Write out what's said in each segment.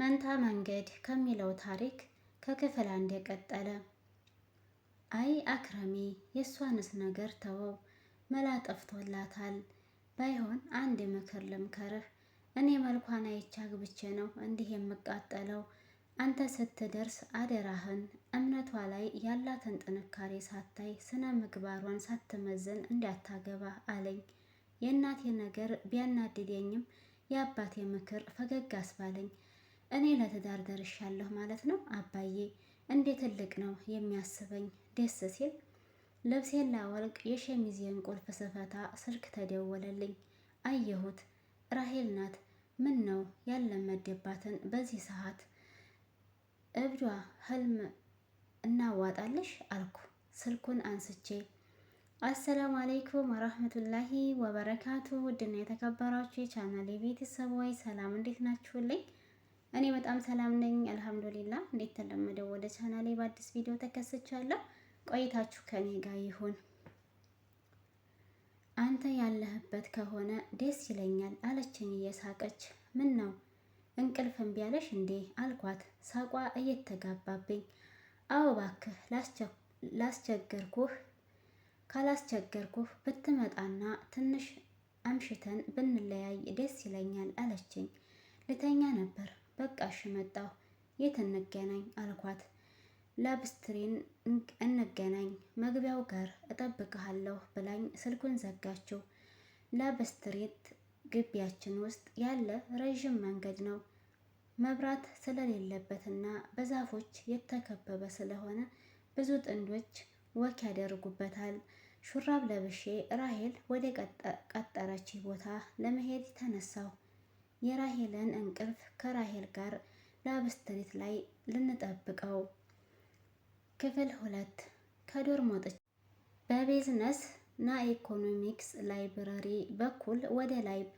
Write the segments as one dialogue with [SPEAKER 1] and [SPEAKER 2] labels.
[SPEAKER 1] መንታ መንገድ ከሚለው ታሪክ ከክፍል አንድ የቀጠለ። አይ አክረሚ የእሷንስ ነገር ተወው፣ መላ ጠፍቶላታል። ባይሆን አንድ ምክር ልምከርህ። እኔ መልኳን አይቼ አግብቼ ነው እንዲህ የምቃጠለው። አንተ ስትደርስ አደራህን እምነቷ ላይ ያላትን ጥንካሬ ሳታይ ስነ ምግባሯን ሳትመዝን እንዳታገባ አለኝ። የእናቴ ነገር ቢያናድደኝም የአባቴ ምክር ፈገግ አስባለኝ። እኔ ለትዳር ደርሻለሁ ማለት ነው አባዬ። እንዴ ትልቅ ነው የሚያስበኝ ደስ ሲል ልብሴን ላወልቅ የሸሚዜን ቁልፍ ስፈታ ስልክ ተደወለልኝ። አየሁት ራሄል ናት። ምን ነው ያለመደባትን በዚህ ሰዓት እብዷ ህልም እናዋጣለሽ አልኩ። ስልኩን አንስቼ አሰላሙ አለይኩም ወራህመቱላሂ ወበረካቱ። ውድና የተከበራችሁ የቻናል የቤተሰብ ወይ ሰላም እንዴት ናችሁልኝ? እኔ በጣም ሰላም ነኝ፣ አልሐምዱሊላ። እንዴት ተለመደው ወደ ቻናሌ በአዲስ ቪዲዮ ተከስቻለሁ። ቆይታችሁ ከኔ ጋር ይሁን። አንተ ያለህበት ከሆነ ደስ ይለኛል አለችኝ እየሳቀች። ምን ነው እንቅልፍ እምቢ አለሽ እንዴ አልኳት፣ ሳቋ እየተጋባብኝ። አዎ እባክህ ላስቸገርኩህ ካላስቸገርኩህ ብትመጣና ትንሽ አምሽተን ብንለያይ ደስ ይለኛል አለችኝ። ልተኛ ነበር በቃ እሺ መጣሁ፣ የት እንገናኝ አልኳት። ላብስትሪን እንገናኝ መግቢያው ጋር እጠብቅሃለሁ ብላኝ ስልኩን ዘጋችው። ላብስትሪት ግቢያችን ውስጥ ያለ ረዥም መንገድ ነው። መብራት ስለሌለበትና በዛፎች የተከበበ ስለሆነ ብዙ ጥንዶች ወክ ያደርጉበታል። ሹራብ ለብሼ ራሄል ወደ ቀጠረች ቦታ ለመሄድ ተነሳሁ። የራሄልን እንቅልፍ ከራሄል ጋር ላብስትሪት ላይ ልንጠብቀው። ክፍል ሁለት ከዶርም ወጥቼ በቢዝነስ ና ኢኮኖሚክስ ላይብረሪ በኩል ወደ ላይብ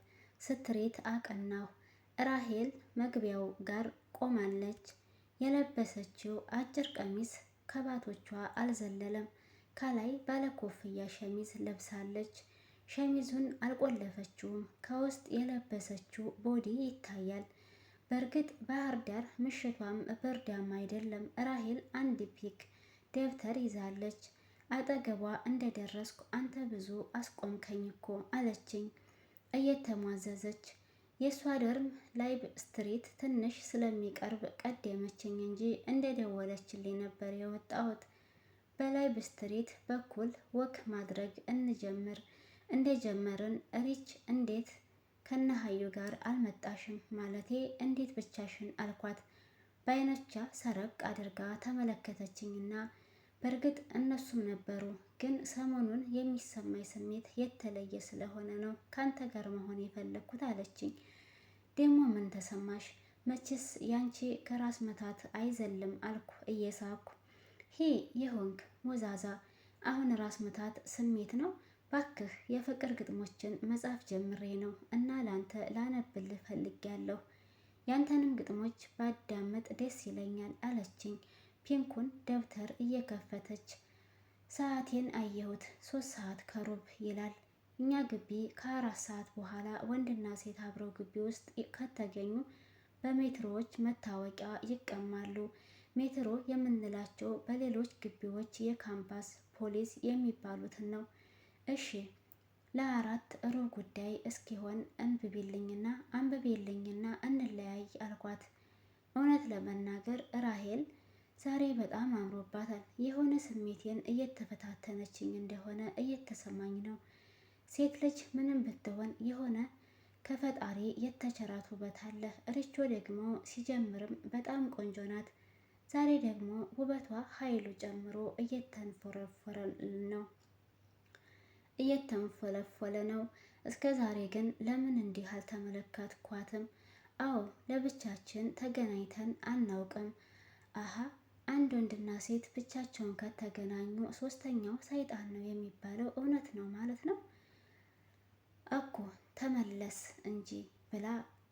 [SPEAKER 1] ስትሪት አቀናሁ። ራሄል መግቢያው ጋር ቆማለች። የለበሰችው አጭር ቀሚስ ከባቶቿ አልዘለለም። ከላይ ባለኮፍያ ሸሚዝ ለብሳለች። ሸሚዙን አልቆለፈችውም። ከውስጥ የለበሰችው ቦዲ ይታያል። በእርግጥ ባህር ዳር ምሽቷም ብርዳም አይደለም። ራሄል አንድ ፒክ ደብተር ይዛለች። አጠገቧ እንደደረስኩ አንተ ብዙ አስቆምከኝ እኮ አለችኝ እየተሟዘዘች። የእሷ ደርም ላይብ ስትሪት ትንሽ ስለሚቀርብ ቀደመችኝ እንጂ እንደደወለችልኝ ነበር የወጣሁት። በላይብ ስትሪት በኩል ወክ ማድረግ እንጀምር እንደጀመርን ሪች እንዴት ከነሀዩ ጋር አልመጣሽም? ማለቴ እንዴት ብቻሽን አልኳት። በአይኖቿ ሰረቅ አድርጋ ተመለከተችኝና በእርግጥ እነሱም ነበሩ፣ ግን ሰሞኑን የሚሰማኝ ስሜት የተለየ ስለሆነ ነው ካንተ ጋር መሆን የፈለግኩት አለችኝ። ደግሞ ምን ተሰማሽ? መቼስ ያንቺ ከራስ መታት አይዘልም አልኩ እየሳኩ። ሄ የሆንክ ሞዛዛ፣ አሁን ራስ መታት ስሜት ነው ባክህ የፍቅር ግጥሞችን መጽሐፍ ጀምሬ ነው እና ላንተ ላነብልህ ፈልጌያለሁ። ያንተንም ግጥሞች ባዳመጥ ደስ ይለኛል አለችኝ። ፒንኩን ደብተር እየከፈተች ሰዓቴን አየሁት። ሶስት ሰዓት ከሩብ ይላል። እኛ ግቢ ከአራት ሰዓት በኋላ ወንድና ሴት አብረው ግቢ ውስጥ ከተገኙ በሜትሮዎች መታወቂያ ይቀማሉ። ሜትሮ የምንላቸው በሌሎች ግቢዎች የካምፓስ ፖሊስ የሚባሉትን ነው። እሺ ለአራት ሩብ ጉዳይ እስኪሆን አንብቤልኝና አንብቤልኝና እንለያይ አልኳት። እውነት ለመናገር ራሄል ዛሬ በጣም አምሮባታል። የሆነ ስሜቴን እየተፈታተነችኝ እንደሆነ እየተሰማኝ ነው። ሴት ልጅ ምንም ብትሆን የሆነ ከፈጣሪ የተቸራት ውበት አለ። ርቾ ደግሞ ሲጀምርም በጣም ቆንጆ ናት። ዛሬ ደግሞ ውበቷ ኃይሉ ጨምሮ እየተንፎረፎረ ነው። እየተንፎለፎለ ነው። እስከ ዛሬ ግን ለምን እንዲህ አልተመለከትኳትም? አዎ ለብቻችን ተገናኝተን አናውቅም። አሀ አንድ ወንድና ሴት ብቻቸውን ከተገናኙ ሶስተኛው ሰይጣን ነው የሚባለው እውነት ነው ማለት ነው እኮ። ተመለስ እንጂ ብላ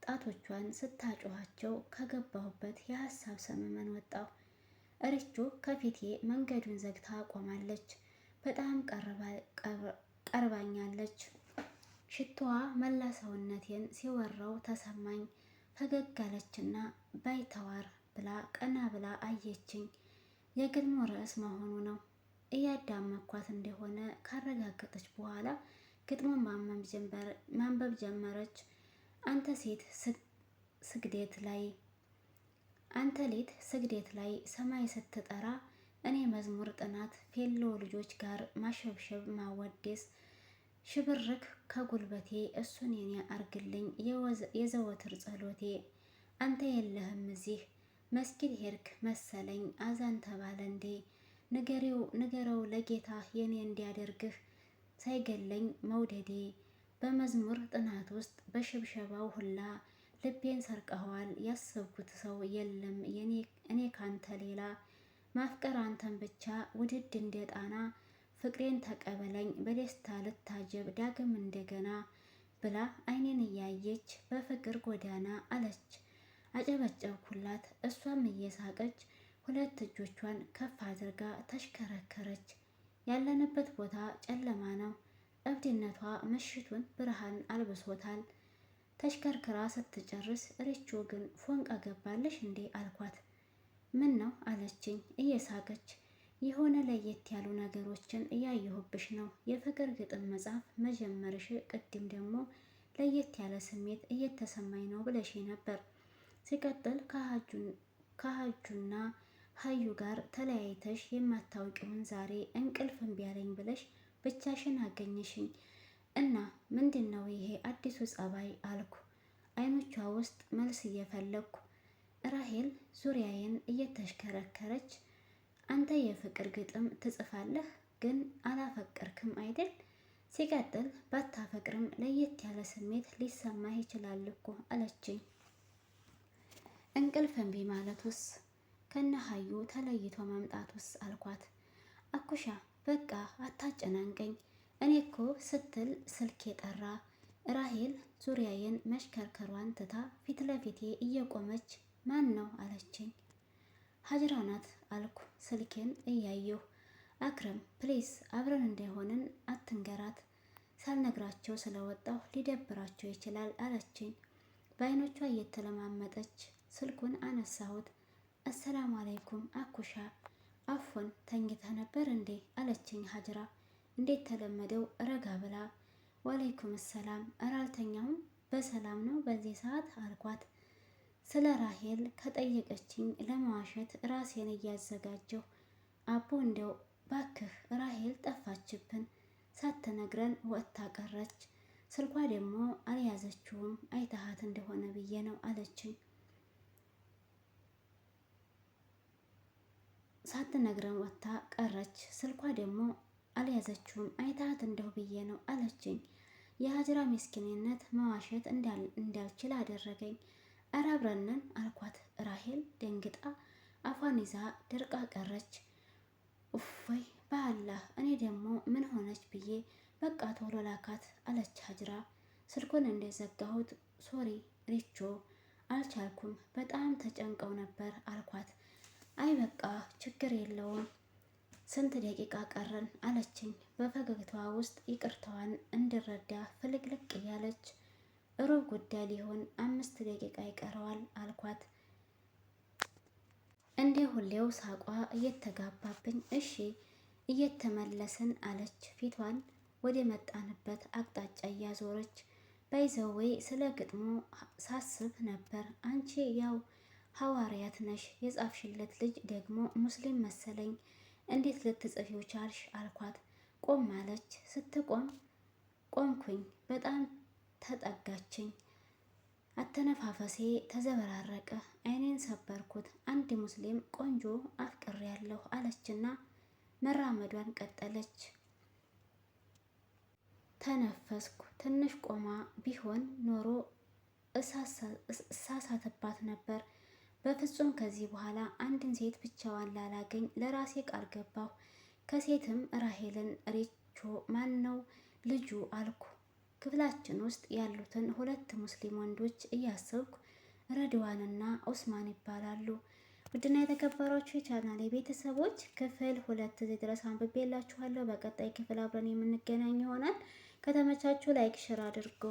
[SPEAKER 1] ጣቶቿን ስታጮኋቸው ከገባሁበት የሀሳብ ሰመመን ወጣሁ። እርቾ ከፊቴ መንገዱን ዘግታ ቆማለች። በጣም ቀረባ ቀርባኛለች። ሽቶዋ መላ ሰውነቴን ሲወራው ተሰማኝ። ፈገግ አለችና ባይተዋር ብላ ቀና ብላ አየችኝ። የግድሞ ርዕስ መሆኑ ነው። እያዳመኳት እንደሆነ ካረጋገጠች በኋላ ግጥሙን ማንበብ ጀመረች። አንተ ሴት ስግዴት ላይ አንተ ሌት ስግዴት ላይ ሰማይ ስትጠራ እኔ መዝሙር ጥናት ፌሎ ልጆች ጋር ማሸብሸብ ማወደስ ሽብርክ ከጉልበቴ እሱን የኔ አርግልኝ የዘወትር ጸሎቴ። አንተ የለህም እዚህ መስጊድ ሄድክ መሰለኝ አዛን ተባለ እንዴ? ንገሬው ንገረው ለጌታ የኔ እንዲያደርግህ ሳይገለኝ መውደዴ። በመዝሙር ጥናት ውስጥ በሽብሸባው ሁላ ልቤን ሰርቀኸዋል። ያሰብኩት ሰው የለም እኔ ካንተ ሌላ ማፍቀር አንተን ብቻ ውድድ እንደ ጣና ፍቅሬን ተቀበለኝ በደስታ ልታጀብ ዳግም እንደገና ብላ አይኔን እያየች በፍቅር ጎዳና አለች። አጨበጨብኩላት። እሷም እየሳቀች ሁለት እጆቿን ከፍ አድርጋ ተሽከረከረች። ያለንበት ቦታ ጨለማ ነው። እብድነቷ ምሽቱን ብርሃን አልብሶታል። ተሽከርክራ ስትጨርስ ሬቾ ግን ፎንቃ ገባለሽ እንዴ አልኳት። ምን ነው አለችኝ እየሳቀች። የሆነ ለየት ያሉ ነገሮችን እያየሁብሽ ነው። የፍቅር ግጥም መጽሐፍ መጀመርሽ ቅድም ደግሞ ለየት ያለ ስሜት እየተሰማኝ ነው ብለሽ ነበር። ሲቀጥል ከሀጁና ሀዩ ጋር ተለያይተሽ የማታውቂውን ዛሬ እንቅልፍ እምቢ አለኝ ብለሽ ብቻሽን አገኘሽኝ እና ምንድን ነው ይሄ አዲሱ ጸባይ? አልኩ አይኖቿ ውስጥ መልስ እየፈለግኩ ራሄል ዙሪያዬን እየተሽከረከረች አንተ የፍቅር ግጥም ትጽፋለህ ግን አላፈቀርክም አይደል? ሲቀጥል ባታፈቅርም ለየት ያለ ስሜት ሊሰማህ ይችላል እኮ አለችኝ። እንቅልፍ እምቢ ማለቱስ ከነሀዩ ተለይቶ መምጣቱስ አልኳት። አኩሻ በቃ አታጨናንቀኝ እኔ እኮ ስትል ስልክ የጠራ ራሄል ዙሪያዬን መሽከርከሯን ትታ ፊት ለፊቴ እየቆመች ማን ነው አለችኝ። ሀጅራ ናት አልኩ ስልኬን እያየሁ። አክረም ፕሊስ አብረን እንዳይሆንን አትንገራት፣ ሳልነግራቸው ስለወጣሁ ሊደብራቸው ይችላል አለችኝ። በአይኖቿ እየተለማመጠች ስልኩን አነሳሁት። አሰላሙ አለይኩም አኩሻ አፎን ተኝተ ነበር እንዴ አለችኝ ሀጅራ እንዴት ተለመደው ረጋ ብላ። ወአለይኩም ሰላም እረ አልተኛሁም በሰላም ነው በዚህ ሰዓት አልኳት። ስለ ራሄል ከጠየቀችኝ ለመዋሸት ራሴን እያዘጋጀሁ አቦ እንደው ባክህ ራሄል ጠፋችብን ሳትነግረን ወጥታ ቀረች። ስልኳ ደግሞ አልያዘችውም አይተሃት እንደሆነ ብዬ ነው አለችኝ። ሳትነግረን ወጥታ ቀረች። ስልኳ ደግሞ አልያዘችውም አይተሃት እንደሁ ብዬ ነው አለችኝ። የሀጅራ ምስኪንነት መዋሸት እንዳልችል አደረገኝ። እረ አብረን አልኳት። ራሄል ደንግጣ አፏን ይዛ ደርቃ ቀረች። ወይ በአላህ እኔ ደግሞ ምን ሆነች ብዬ በቃ ቶሎ ላካት አለች ሀጅራ። ስልኩን እንደዘጋሁት ሶሪ ሪቾ አልቻልኩም፣ በጣም ተጨንቀው ነበር አልኳት። አይ በቃ ችግር የለውም ስንት ደቂቃ ቀረን አለችኝ። በፈገግታዋ ውስጥ ይቅርታዋን እንድረዳ ፍልቅልቅ እያለች ሩብ ጉዳይ ሊሆን አምስት ደቂቃ ይቀረዋል አልኳት። እንደ ሁሌው ሳቋ እየተጋባብኝ እሺ እየተመለስን አለች። ፊቷን ወደ መጣንበት አቅጣጫ እያዞረች በይዘዌ ስለ ግጥሞ ሳስብ ነበር። አንቺ ያው ሐዋርያት ነሽ፣ የጻፍሽለት ልጅ ደግሞ ሙስሊም መሰለኝ። እንዴት ልትጽፊው ቻልሽ? አልኳት። ቆም አለች። ስትቆም ቆምኩኝ። በጣም ተጠጋችኝ። አተነፋፈሴ ተዘበራረቀ። አይኔን ሰበርኩት። አንድ ሙስሊም ቆንጆ አፍቅር ያለው አለችና መራመዷን ቀጠለች። ተነፈስኩ። ትንሽ ቆማ ቢሆን ኖሮ እሳሳትባት ነበር። በፍጹም ከዚህ በኋላ አንድን ሴት ብቻዋን ላላገኝ ለራሴ ቃል ገባሁ። ከሴትም ራሄልን ሬቾ ማን ነው ልጁ አልኩ። ክፍላችን ውስጥ ያሉትን ሁለት ሙስሊም ወንዶች እያሰብኩ ረድዋንና ኦስማን ይባላሉ። ውድና የተከበራችሁ የቻናል የቤተሰቦች ክፍል ሁለት እዚህ ድረስ አንብቤላችኋለሁ። በቀጣይ ክፍል አብረን የምንገናኝ ይሆናል። ከተመቻችሁ ላይክ፣ ሽር አድርጉ።